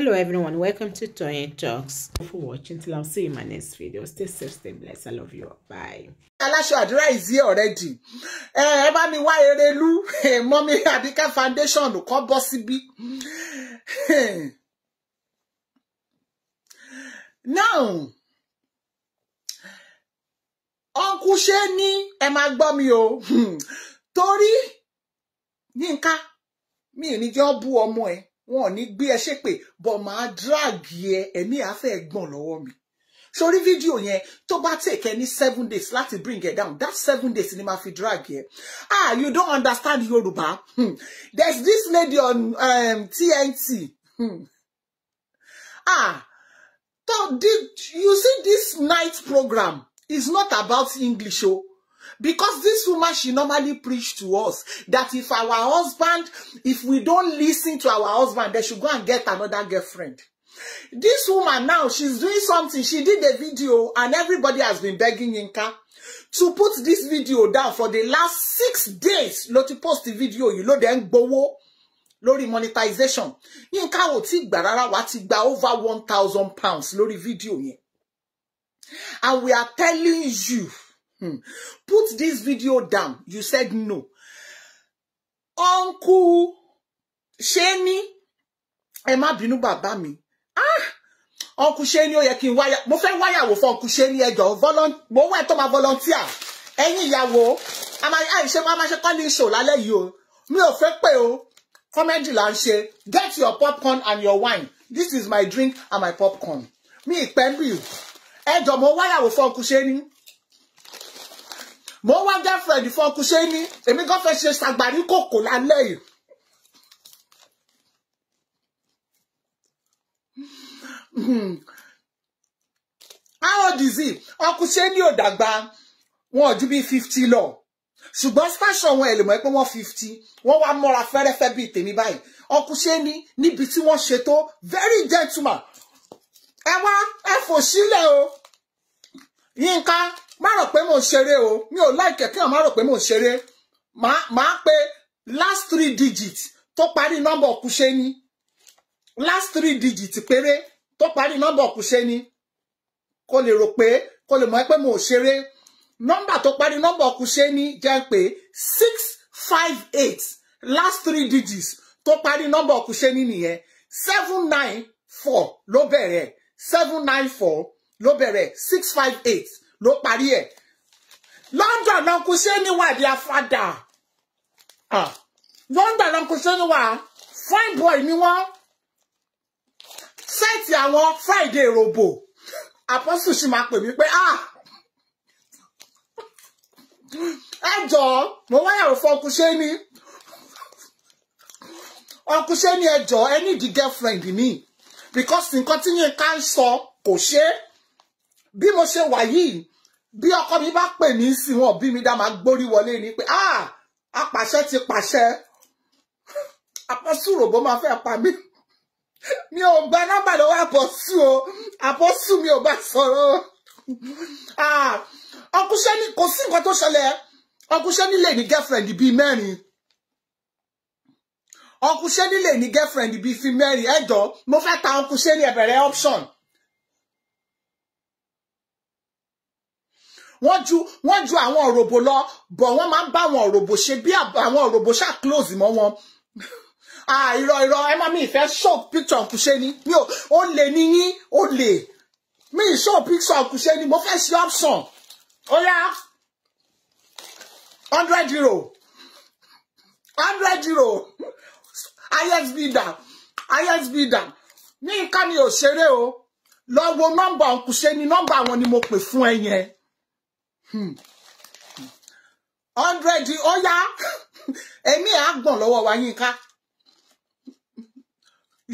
hello everyone welcome to Toyeen Talks for watching till i'll see you in my next video stay safe stay blessed i love you bye Alasho àdúrà is here already ẹ bá mi wá Erelu mọ́mí Àbíkẹ́ foundation kọ́ bọ́ síbí now uncle ṣe ní ẹ máa gbọ́ mi o torí Yínká mi ò ní jọ́ bú ọmọ ẹ wọn ò ní gbé ẹ ṣépè bọ̀ máa dráàgì ẹ ẹ̀mí àáfẹ́ gbọ̀n lọ́wọ́ mi sórí fídíò yẹn tó bá take ẹ ní seven days láti bring it down that seven days ni ma fi drag ẹ ah you don't understand Yorùbá hmm. there's this lady on um, TNT hmm. ah so did you see this night program is not about English o Because this woman, she normally preach to us that if our husband, if we don't listen to our husband, they should go and get another girlfriend. This woman now, she's doing something. She did a video and everybody has been begging Yinka to put this video down for the last six days. Ló ti post the video you ló dẹ̀ ń gbowó monetization. Yinka ò tí gbà rárá, wá ti gba over one thousand pounds lórí video yẹn. And we are telling you Hmm. Put this video down. You said no. Uncle Ṣéní, ẹ má bínú bàbá mi. Ah! Uncle Ṣéní ó yẹ kí Mo wáyà. Mo fẹ́ wáyàwó fún Uncle Ṣéní ẹjọ́. Mo wá ẹ̀ tó máa volunteer. Ẹ̀yin ìyàwó, a máa ṣe máa ṣe calling show ìṣò you. Me o. Mi ò fẹ́ pé o. Kọ́mẹ́dì là ń Get your popcorn and your wine. This is my drink and my popcorn. Me ìpẹ́ you. bì. mo mo wáyàwó fún Uncle Ṣéní mo wá girlfriend fọkùṣe ní èmi gan fẹ́ ṣe ṣàgbárí kòkó lálẹ́ yìí. Hmm. how old is he ọkùṣe ní ò dàgbà wọn ò ju bíi fifty lọ ṣùgbọ́n station wọn ẹ̀ lè mọ̀ pé wọ́n fifty wọ́n wá mọ́ra fẹ́rẹ́fẹ́ bíi tèmi báyìí ọkùṣe ní níbi tí wọ́n ṣe tó very gentleman ẹ wá ẹ fò sílẹ̀ o Yínká má rò pé mò ń ṣeré o mi ò láìkẹ kí wọn má pé mò ń ṣeré màá pe last three digits tó parí nọ́mbà òkúṣe ni last three digits péré tó parí nọ́mbà òkúṣe ni kó lè rò pé kó lè mọ̀ pé mò ń ṣeré nọ́mbà tó parí nọ́mbà òkúṣe ni jẹ́ pé six five eight last three digits tó parí nọ́mbà òkúṣe ni nìyẹn seven nine four ló bẹ̀rẹ̀ seven nine four ló bẹ̀rẹ̀ six five eight ló parí ẹ̀ London náà kú sẹ́ni wà di afádà London náà kú sẹ́ni wà fine boy ni wọ́n sẹ́ẹ̀tì àwọn Friday robo apostle ṣì máa pè mí pé ah ẹ jọ̀ọ́ mo wáyàwó fún ọkùnṣẹ́ ni ọkùnṣẹ́ ni ẹ jọ̀ọ́ ẹ ní di girlfriend mi because nǹkan tí yín ká ń sọ kò ṣe bí mo ṣe wà yìí bí ọkọ mi bá pè mí sí wọn bí mi dá máa gbórí wọlé ni pé ah apàṣẹ ti pàṣẹ apọ́sùròbó máa fẹ́ pa mí mi ò gba nọ́mbà lọ́wọ́ àpọ́sù o àpọ́sù mi ò bá ah ọkùnṣẹ́ ní kò sí nǹkan tó ṣẹlẹ̀ ọkùnṣẹ́ nílé ní girlfriend bíi mẹ́rin ọkùnṣẹ́ nílé ní girlfriend bíi fi mẹ́rin ẹ̀jọ̀ mo fẹ́ ta ọkùnṣẹ́ ní ẹ̀bẹ̀rẹ̀ option. wọ́n ju wọ́n ju àwọn òròbó lọ bọ̀ wọ́n máa ń bá àwọn òròbó ṣe bí àwọn òròbó ṣáà close mọ́ wọn àìrọ̀ ah, ìrọ̀ ẹ má mi ìfẹ́ show picture ọ̀kùnṣe ni mi ò ó lè ní yín ó lè mi ì show picture ọ̀kùnṣe ni mo fẹ́ ṣe option ó yá hundred euro hundred euro highest bidder highest bidder ní nǹkan mi ò ṣeré o lọ wo nọ́mbà ọ̀kùnṣe ni nọ́mbà wọn ni mo pè fún ẹ yẹn. Hmm. hundred ó yá èmi à gbọ̀n lọ́wọ́ wa yín ká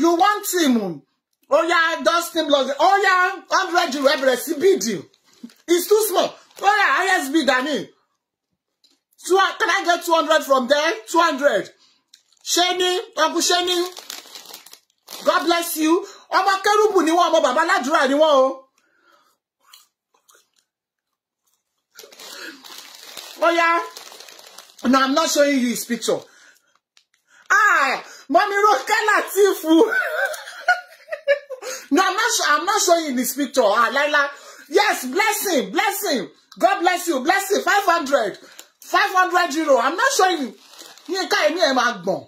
you want him ó yá dustin blog ó yá hundred rẹ̀ bẹ̀rẹ̀ sí you. it's too small ó yá highest bid i mean two can i get two hundred from there two hundred ṣé ní ọkùn ṣé god bless you ọmọ kérúbù ni wọn ọmọ bàbá ládùúrà ni wọn o. Oh yeah. No, I'm not showing you his picture. Ah, mommy Roke Latifu. no, I'm not. I'm not showing you this picture. Ah, Lila. Yes, bless him, bless him. God bless you, bless him. Five hundred, five hundred euro. I'm not showing you. Yínká èmi ẹ̀ máa gbọ̀n.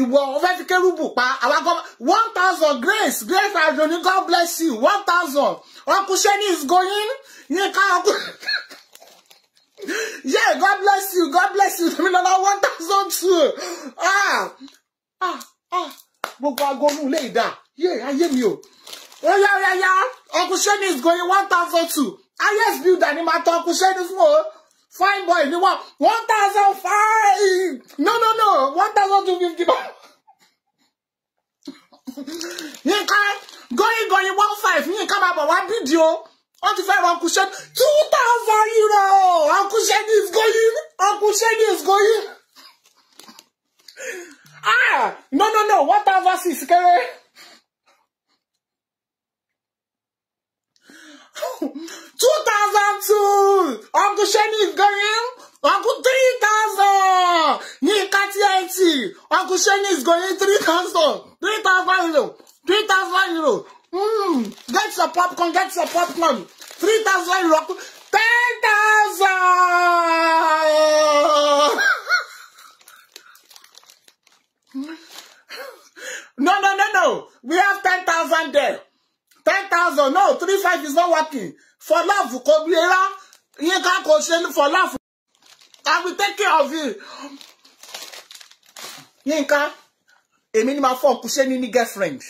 Ìwọ ọ̀fẹ́ fi kérúbù pa àwa gọ́mọ̀. One thousand grace grace I Adoni God bless you one thousand. Ọkùnṣẹ́ ni is going. Yínká ọkùnṣẹ́. Yeah, God bless you. God bless you. Tèmi lọ́la one thousand two. Ah, ah, ah. Gbogbo aago inú ilé ìdá. Yé ayé mi o. Oh, yeah, yeah, yeah. Uncle Sheni is going one thousand two. Highest builder ni màá tọ Uncle Sheni fún o. Fine boy ni wọ́n one thousand five. No no no one thousand two fifty. Yínká going going one five. Yínká máa bọ̀ wá bídìí o. Uncle Fire, Uncle Shen, 2,000 euro! Uncle Shen is going! Uncle Shen is going! Ah! No, no, no, What 1,000 is kéré! Two thousand two. Uncle Shen is going. Uncle three thousand. Ni TIT. Uncle Shen is going three thousand. Three thousand euro. Three thousand euro. Mm, get your popcorn, get your popcorn. 3,000 rock, 10,000! no, no, no, no. We have 10,000 there. 10,000, no, 3,500 is not working. For love, Kobiera, you can't question for love. I will take care of you. Yinka, èmi ni ma fọ́ ọkùnṣẹ́ ní ní girlfriend.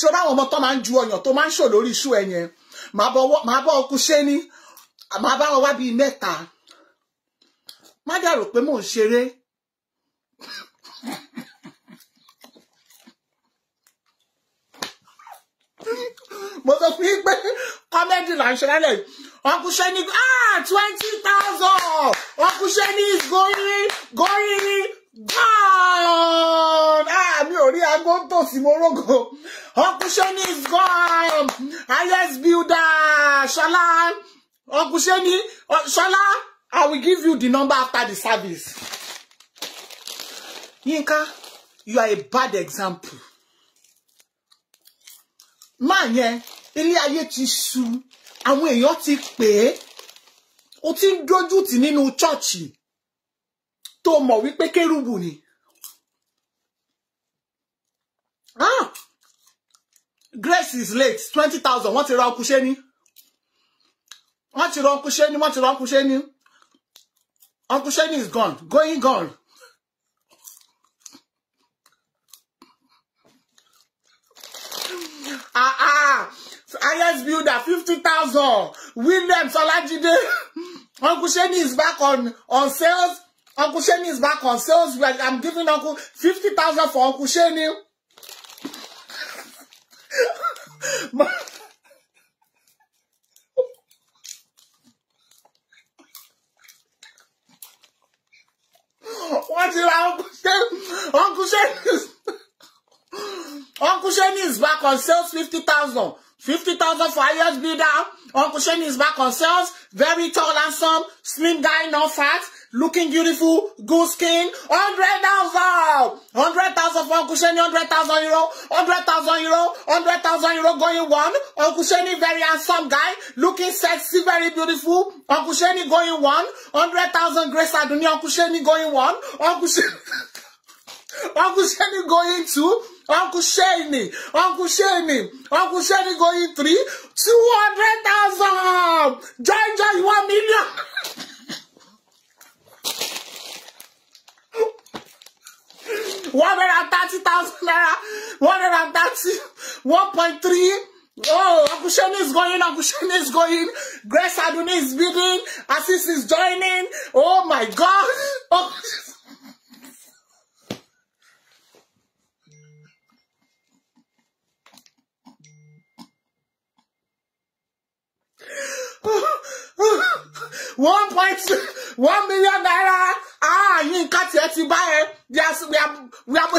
So ráwọn ọmọ tó máa ń ju ọyàn tó máa ń ṣò lórí iṣu ẹ yẹn màá bọ ọkú ṣé ní màá bá wọn wá bíi mẹ́ta má dàrò pé mò ń ṣeré mo sọ fún yín pé kọ́mẹ́dì là ń ṣe lálẹ́ yìí uncle Sheni ah twenty thousand uncle Sheni is going going gone orí aago tòsí morógo ọkùnṣẹ́ni is gone highest builder ṣọlá ọkùnṣẹ́ni ṣọlá i will give you the number after the service yínká you are a bad example máa yẹn ilé ayé ti sú àwọn èèyàn ti pè é o ti ń dójú tì nínú chọ́ọ̀chì tó mọ̀ wípé kérúbù ni. grace is late twenty thousand wọ́n ti ra ọkùnṣe ní wọ́n ti ra ọkùnṣe ní wọ́n ti ra ọkùnṣe ní ọkùnṣe ní is gone going gone. Ah, ah, highest builder fifty thousand William Solajide Uncle Sheni is back on on sales Uncle Sheni is back on sales I'm giving Uncle fifty thousand for Uncle Sheni. My... What is Uncle Shane? Uncle Shane is Uncle Shane is back on sales 50,000. 50,000 for highest bidder. Uncle Shane is back on sales. Very tall, and some slim guy, not fat looking beautiful, good skin, hundred thousand, hundred thousand for Uncle hundred thousand euro, hundred thousand euro, hundred thousand euro going one. Uncle Sheni, very handsome guy, looking sexy, very beautiful. Uncle Sheni going one. hundred thousand Grace Aduni, Uncle Sheni going one. Uncle Sheni... going two. Uncle Sheni. Uncle Sheni. Uncle Sheni going three. 200,000! Join, join, one million! one hundred and thirty thousand naira one hundred and thirty one point three. Oh, Uncle is going, Uncle is going, Grace Aduna is bidding, Assis is joining. Oh my God. Oh. one point one million naira ah Yínká tiẹ̀ ti bá ẹ we are we are.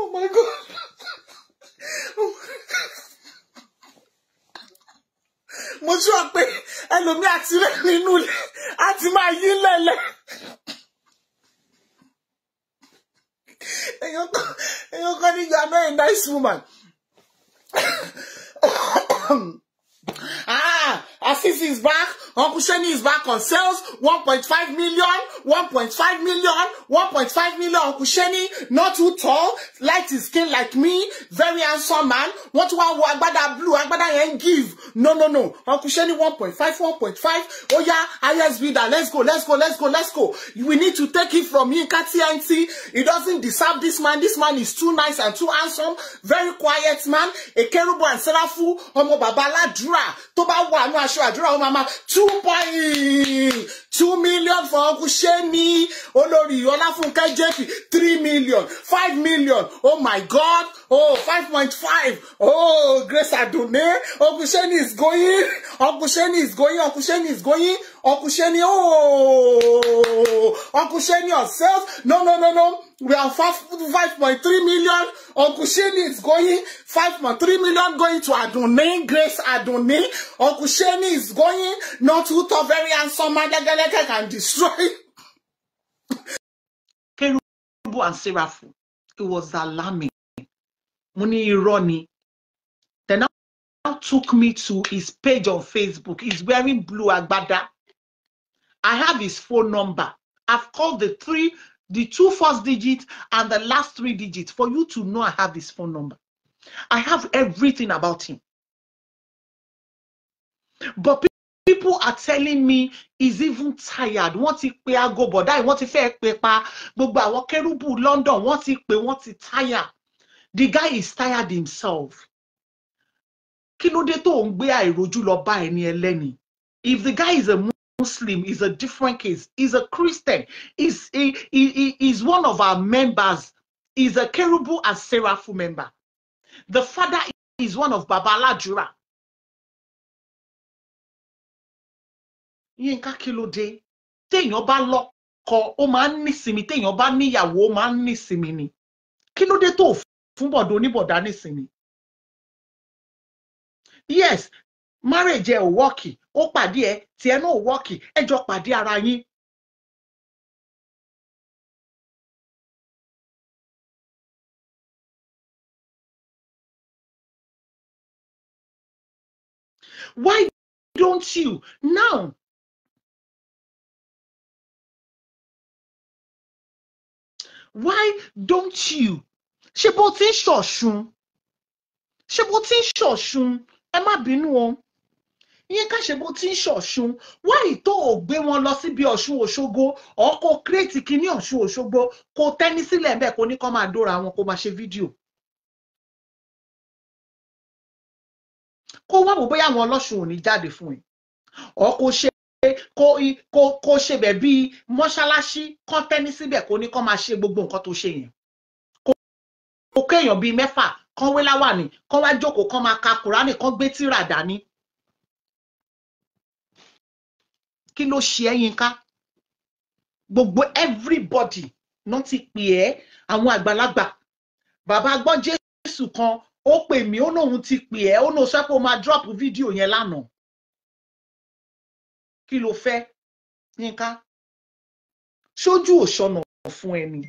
oh my god. mo sọ pé ẹlòmíà ti rẹ̀ nínú ilé a ti máa yí lẹ̀lẹ̀. nice woman. Justice is back. Uncle Sheni is back on sales. 1.5 million. 1.5 million. 1.5 million. Uncle Sheni, not too tall. Light is skin like me. Very handsome man. What one I want? Agbada blue. Agbada yẹn give. No, no, no. Uncle Sheni 1.5, 1.5. Oh yeah, highest that. Let's go, let's go, let's go, let's go. We need to take it from Yinka TNT. He doesn't deserve this man. This man is too nice and too handsome. Very quiet man. A Kerubo and Serafu. Ọmọ Baba Aládùúrà. Tó bá wà nínú aṣọ àdúrà ó máa máa two point two million for uncle Ṣẹ́ni olórí Ọláfúnkẹ́ JP three million five million oh my god oh five point five oh Grace Adunne uncle Ṣẹ́ni is going uncle Ṣẹ́ni is going uncle Ṣẹ́ni is going uncle Ṣẹ́ni oh uncle Ṣẹ́ni yourself no no no no. We are 5.3 million. Uncle Sheni is going 5.3 million going to Adonai Grace Adonai Uncle Sheni is going not to a very handsome man that can destroy. Kerubu and Seraphu, it was alarming. Muni Ironi. Then now took me to his page on Facebook. He's wearing blue agbada. I have his phone number. I've called the three the two first digits and the last three digits for you to know I have this phone number. I have everything about him. But people are telling me he's even tired. Wọ́n ti pe aago bọ̀dá yìí, wọ́n ti fẹ́ pe pa gbogbo London, wọ́n ti pe wọ́n to tire. The guy is tired himself. If the guy is a Muslim, is a different case. He's a Christian. He's, he, he, he's one of our members. He's a Kerubu and Seraphu member. The father is one of Babala Jura. Yínká kí ló dé téèyàn bá lọ́kọ ó máa ń nísinmi téèyàn bá níyàwó ó máa ń ni kí ló dé tó fún bọ̀dọ̀ oníbọ̀dá nísinmi. yes marriage ẹ̀ ò wọ́ọ̀kì ó pàdé ẹ tí ẹ ò wọ́ọ̀kì ẹ jọ pàdé ara yín. Why don't you now? Why don't you? Ṣé bó ti ń ṣọ̀ṣun? Ṣé bó ti ń ṣọ̀ṣun? Ẹ má bínú o. Yínká Ṣóbó ti ń ṣọ̀ṣun wáyé tó ò gbé wọn lọ síbi Ọ̀ṣun Òṣogbo ọkọ̀ kírètì kínní Ọ̀ṣun Òṣogbo kò tẹ́ni sílẹ̀ ń bẹ̀ kó ní kó máa dóra wọn kó máa ṣe fídíò. kó wá wò bóyá àwọn ọlọ́ṣun ò ní jáde fún ẹ ọ kò ṣe kó kó kó ṣebẹ̀ bíi mọ́ṣáláṣí kán tẹ́ni síbẹ̀ kó ní kán máa ṣe gbogbo nǹkan tó ṣe yẹn kó kéèyàn bíi mẹ́fà kán wé láwàní kán wá jókòó kán máa ka kùránì kán gbé tírà dání kí ló ṣe ẹ́ Yínká gbogbo everybody náà ti pè ẹ́ àwọn àgbàlagbà bàbá gbọ́n Jésù kan ó pè mí ó lóun ti pè ẹ́ ó lóun sọ pé ó máa drop fídíò yẹn lánàá kí ló fẹ́ Yínká ṣojú òṣọ̀nà fún ẹni.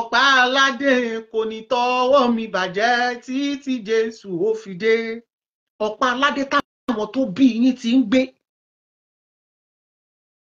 ọ̀pá aládé kò ní tọwọ́ mi bàjẹ́ títí Jésù ó fi dé ọ̀pá aládé táwọn tó bí yín ti ń gbé